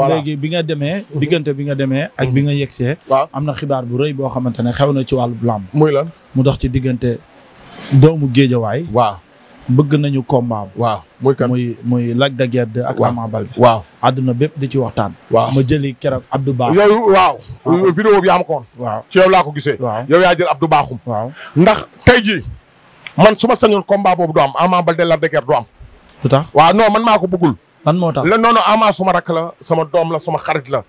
voilà léegi bi nga demee. diggante bi nga demee ak bi nga yegsee. waaw am na xibaar bu rëy boo xamante ne xew na ci wàllu làmb. muy la mu dox ci diggante doomu géejawaay. waaw bëgg nañu combat. waaw muy kan muy muy Lac de ak Ama Baldé. waaw àdduna bépp di ci waxtaan. waaw ma jëli keroog Abdou Bakhoum. yooyu waaw. bi yaa ko woon. waaw laa ko gisee. waaw yow yaa jël Abdou Bakhoum. waaw ndax tey jii man su ma sañoon combat boobu du am Ama Baldé Lac de Guiers du am. lu tax waaw non man maa ko bëggul lan moo tax la noonu Ama suma rakk la sama doom la sama xarit la.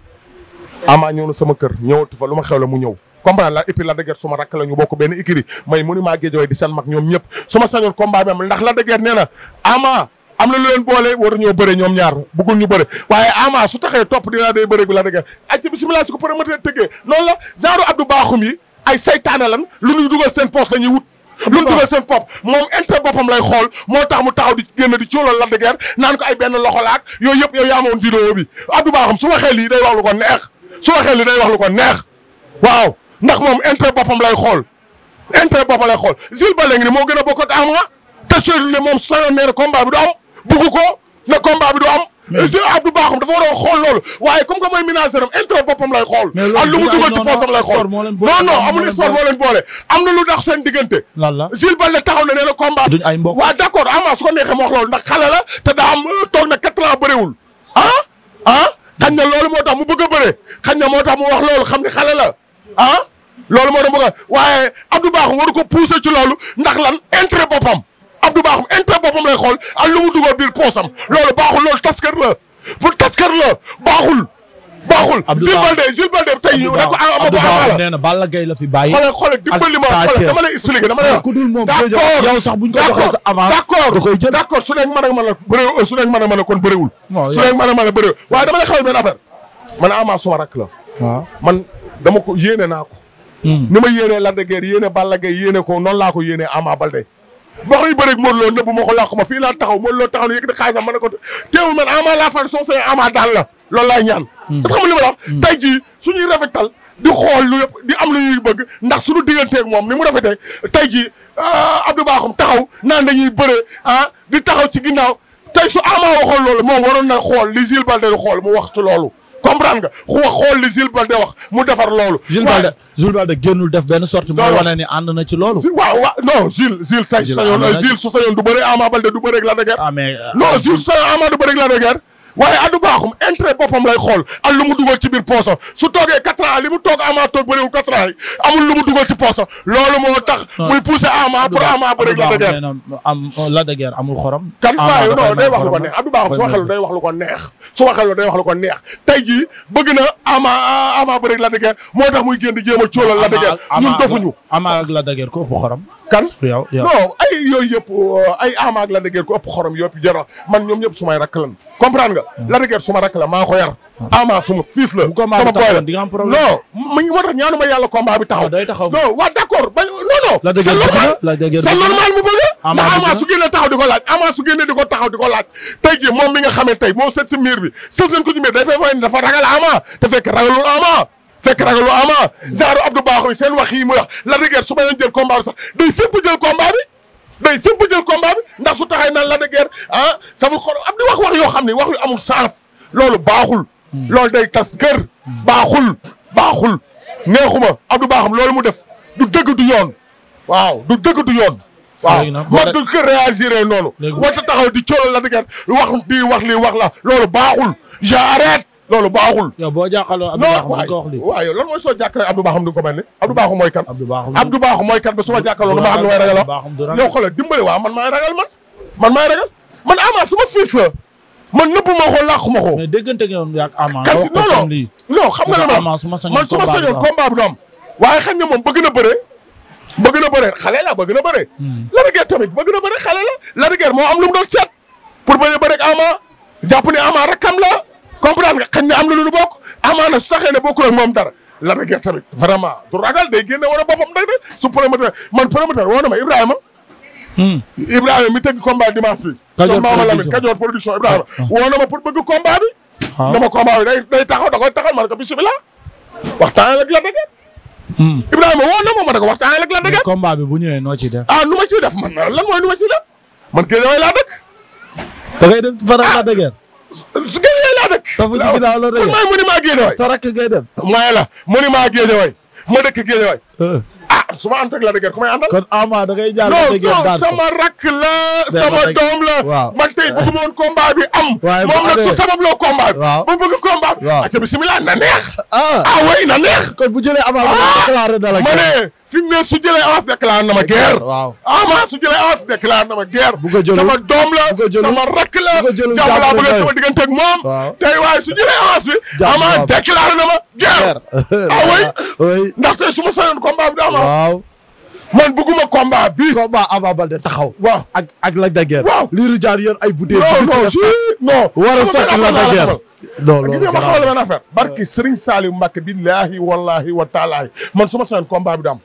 Ama ñëw na ma kër ñëwatu fa lu ma xew la mu ñëw. comprendre la et puis la dëgër suma rakk la ñu bokk benn écurie may mënu maa géej di seen mag ñoom ñëpp su ma sañoon combat bi am ndax la dëgër nee na Ama am na lu leen boole war ñoo bëre ñoom ñaar bëggul ñu bëre waaye Ama su taxee topp dinaa day bëre bi la dëgër ak ci bisimilah su ko promoteur tëggee noonu la u Abdou Bakhoum yi ay saytaane lan lu ñuy dugal seen poche la ñuy lu mu dugal seen pop moom intérêt boppam lay xool moo tax mu taxaw di génn di coolal Lac de Guiers naan ko ay benn loxo laak yooyu yëpp yooy yaa ma woon vidéo bi Abdou Bakhoum su waxee lii day wax lu ko neex su waxee lii day wax lu ko neex waaw ndax moom intérêt boppam lay xool intérêt boppam lay xool Jules ni moo gën a bokk ak Ama te seetlu ne moom sa neer combat bi du am bugg ko ne combat bi du am Ah, Abdou Bakhoum dafa waroon xool loolu waaye comme que mooy ménagère am intérêt boppam lay xool ak lu mu dugal ci poosam lay xool non non amul sport moo leen boole am na lu ndax seen diggante lalla Jules Baldé taxaw na nee na combat duñ ay a waaw d' accord ama su ma wax loolu ndax xale la te daa am euh, toog na quatre ans bëriwul ah ah xañ loolu moo tax mu bëgg a bëre xañ na moo tax mu wax loolu xam ne xale la ah loolu moo tax mu bëgg waaye Abdou Bakhoum waru ko pousser ci loolu ndax lan intérêt boppam Abdou baaxum intérêt boppam lay xool ak lu mu dugal biir poosam loolu baaxul loolu taskar la pour taskar la baaxul. baaxul Jules Balde Jules Balde tey ñu ne ko Amadou Amal nee na Balla Gaye la fi bàyyi. xoolal xoolal dimbali ma xoolal dama lay expliqué dama lay wax. d'accord yow sax bu ñu ko joxee sa avance. d'accord d'accord su nekk mën ak mën la bëriwul su nekk mën ak mën la kon bëriwul. su nekk mën ak mën la bëriwul waaye dama lay xamal benn affaire. man Ama suma rakk la. waaw man dama ko yéene naa ko. Hmm. ni ma yéenee Lac de Guiers yéene Balla Gaye yéene ko noonu laa ko yéene Ama Balde. wax nañu bëri ak Modou Lo nëbbu ma ko yàqu ma fii laa taxaw Modou Lo taxaw na yëkkati xaalisam ma ne ko teewul man ama laa fan soo see ama daan la loolu laay ñaan. Hmm. parce que xam nga li ma la hmm. rafetal di xool lu yëpp di am lu ñuy bëgg ndax suñu digganteeg moom ni mu rafetee tey jii ah, Abdou Bakhoum taxaw naan dañuy bëre ah di taxaw ci ginnaaw tey su ama waxoon loolu moom waroon na xool li Gilles Balde di xool mu wax ci loolu comprendre nga xoo xool li Jules Balde wax mu defar loolu. Jules Balde Jules Balde génnul def benn sorte. moo wane ni ànd na ci loolu. waaw waaw non Jules. sa sañoon Jules su sañoon du bëri Ama Balde de Guiers. ah mais euh, non Jules su sañoon du bëri ak waaye addu baaxum intérêt boppam lay xool ak lu mu dugal ci biir pooso su toogee quatre ans li mu toog ama toog bëriwul quatre ans yi amul lu mu dugal ci pooso loolu moo tax muy poussé ama pour la dëgër am la dëgër amul xorom kan fay non day wax lu ko neex addu baaxum su waxee day wax lu ko neex su waxee loolu day wax lu ko neex tey jii bëgg na ama ama bëri la dëgër moo tax muy génn di jéem a cóolal la dëgër ñun dofuñu ama ak la dëgër ko ëpp xorom kan yow non ay yooyu yëpp ay ama ak la dëgër ko ëpp xorom yëpp jara man ñoom ñëpp sumay rakk lan comprendre nga. la de guerre suma rek la maa ko yar. Ah. ama suma fils la. sama boy la di nga am problème non mu moo tax ñaanu ma yàlla combat bi taxaw. Ah, day taxaw non waa d'accord ba non non. la de guerre dëgg c'est mu bëgg. ama ama su génnee taxaw di laaj tey jii moom mi nga xamee tey moo seet si miir bi seet nañ ko ci miir day fay fay dafa ragal ama te fekk ragalul ama. fekk ragalul ama. genre Abdou Bakhoum seen wax yi la de guerre su jël combat bi sax day fépp jël combat bi day simple jël combat bi ndax su taxay naan la de guerre ah sama xol am di wax wax yoo xam ne wax yu amul sens loolu baaxul. loolu day tas kër. baaxul baaxul neexuma Abdou Bakhoum loolu mu def du dëgg du yoon waaw du dëgg du yoon. waaw man du ko réagir noonu. war ta taxaw di coolal la de guerre wax di wax li wax la loolu baaxul j'arrête. loolu baaxul. yow boo jàkkaarloo Abdou Bakhoum du ko wax lii waaw yow lan mooy soo jàkkaarloo Abdou Bakhoum du ko mel ne Abdou Bakhoum mooy kan. Abdou Bakhoum mooy kan ba su ma jàkkaarloo lu ma xam ne mooy ragal ah. la yow xoolal dimbali waa man maay ragal man man maay ragal man Ama suma fils la man nëbbu ma ko làqu ma ko. mais déggante ak yow ak Ama. kan non non non xam nga la man man su ma sañoon combat bi du am waaye xam nga moom bëgg na bëre bëgg na bëre xale la bëgg na bëre. Hmm. Lac de Guiers tamit bëgg na bëre xale la. Lac de Guiers moo am lu mu doon seet pour bañ a bëre ak Ama jàpp ne Ama rakkam la comprendre nga xëy na am na lu ñu bokk amaana su taxee ne bokkul ak moom dara la de guerre tamit vraiment du ragal day génne wala boppam day de su promoteur man promoteur woo na ma Ibrahima. Hmm. Ibrahima mi tëgg combat dimanche bi. Kajoor Maama Lamine Kajoor production Ibrahima. Ah, ah. woo ma pour bëgg combat bi. waaw ah. dama combat bi day day taxaw da koy taxaw ma ne ko bisimilah. waxtaan ak la de hmm. Ibrahima woo na ma ma ne ko waxtaan ak la de combat bi bu ñëwee noo ciy def. ah nu ma ciy def man nu ma ciy def man géej da ngay def faral la de guerre. su topp ci ginnaaw la rek mooy monument Guédiawaye sa rakk ngay dem mooy la monument Guédiawaye ma dëkk Guédiawaye ah su ma ànd ak la dëgër ku may àndal kon ama da ngay jaar dëgër non non sama rakk la sama doom la man tey bëggu woon combat bi am moom nag su sabab loo combat bi bu bëgg combat bi acca bismillah na neex ah, ah way na neex kon bu jëlee ama ah. na la fi ne su jëlee avance déclaré na ma guerre. waaw Ama su jëlee avance a na ma guerre. sama doom la sama rakk la. jàmm laa bëgg moom. tey waaye su jëlee bi. Ama déclaré na ma guerre. ah oui ndaxte su ma sañoon combat bi man bëgguma combat bi. combat Ama taxaw. waaw ak ak Lac de Guiers. waaw liiru ay bouteille. si non. war a sotti Lac de Guiers. man su ma sañoon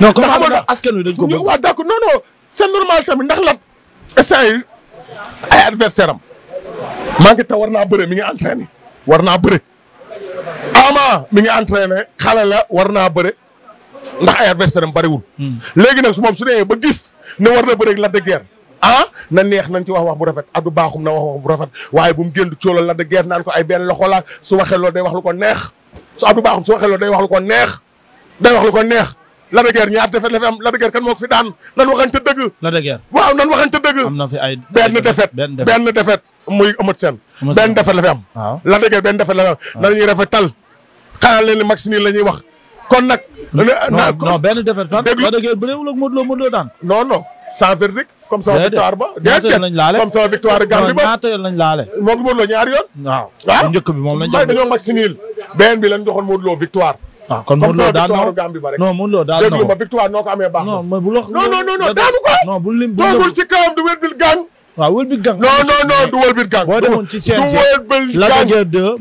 non comment xamoon na askan wi dañ ko bëgg waaw d'accord non non c'est normal tamit ndax lat instant yi ay adversaire am ta war naa bëre mi ngi entraîné war naa bëre ama mi ngi entraîné xale la war naa bëre ndax ay adversaire am hmm. léegi nag su moom su dee ba gis ne war na bëre ak Lac de Guiers ah, na neex nañ ci wax wax bu rafet addu baaxum na wax wax bu rafet waaye bu mu génn coolal Lac de Guiers naan ko ay benn loxo la su waxee loolu day wax lu ko neex su addu baaxum su waxee loolu day wax lu ko neex day wax lu ko neex Lac de ñaar defet la fi am Lac de Guiers kan moo fi daan nan waxante dëgg. Lac de waaw nan waxante dëgg. benn defet muy Eumeu Sène. benn defet la fi am. waaw Lac de Guiers benn defet la fi am. waaw dañuy rafetal xanaa leen ni Maxime la ñuy wax kon nag. non benn defet fan. déglu Lac de Guiers bëreewul ak Modou Lo Modou Lo daan. non non sans verdict comme sama victoire victoire ba ñaata yoon laale. moo ko Modou yoon. waaw waaw ah. bu bi moom lañ. jaajëf dañoo Maxime benn bi lañ joxoon Modou Lo victoire waaw ah, kon Modou Lo daan na non Modou Lo daan na déglu ma victoire noo ko amee baax non bu lox non non non daanu ko non bu lim bu toogul ci kawam du wëlbil gang waaw wëlbil gang non non non du wëlbil gang boo demoon ci CNG du wëlbil gang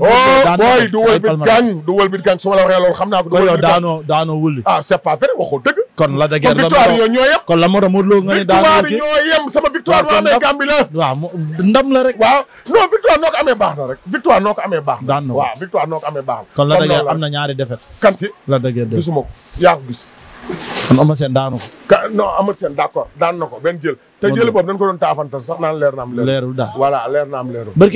oh, booy du wëlbil gang du wëlbil gang su ma la waxee loolu xam naa ko du wëlbil gang daanoo daanoo wëlbi ah c'est pas vrai waxul dëgg kon la da guerre la victoire yooyu ñoo yem kon la moo tax Modou Lo nga ne daal victoire ñoo yem sama victoire boo amee Gambie la waaw ndam la noo ko na rek victoire noo ko amee baax na waaw victoire noo ko amee baax na kon la da guerre am na ñaari défaite kanti la da guerre gisuma ko yaa ko gis kon Ama Sène daanu ko non Ama Sène d'accord daan na ko benn jël te jël boobu dañ ko doon taafantal sax naan leer na am leerul daal voilà leer na am leerul